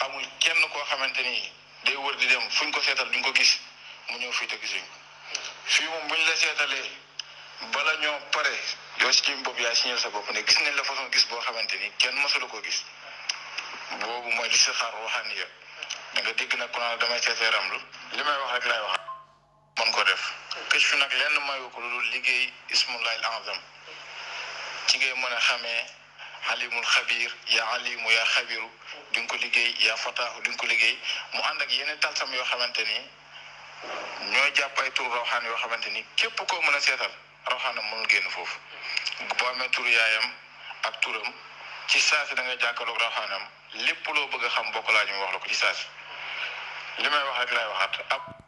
amul kenn koo xamante ni day wër di dem fuñ ko seetal duñ ko gis mu ñëw fii te gisuñ fii moom buñ la seetalee bala ñoo pare yow si kii bopp yaa signal sa bopp ne gis nañ la façon gis boo xamante ni kenn mësula ko gis boobu mooy li si xaar waxaan ya da nga dégg nag kon damay seetee ramlu li may wax rek laay wax mën ko def këcc fi nag lenn mayu ko lu dul liggéey ismullaahil azam ci ngay mën a xamee alimul xabir yaa alimu yaa xabiru di nga ko liggéey yaa fataahu di nga ko liggéey mu ànd ak yeneen talsam yoo xamante ni ñoo jàpp ay tur rawxaan yoo xamante ni képp koo mën a seetal rawxaanam mënul génn foofu boo amee tur yaayam ak turam ci saasi da nga jàkkaloog rawxaanam lépp loo bëgg xam bokk laa ñu wax la ko ci saasi li may wax waxaat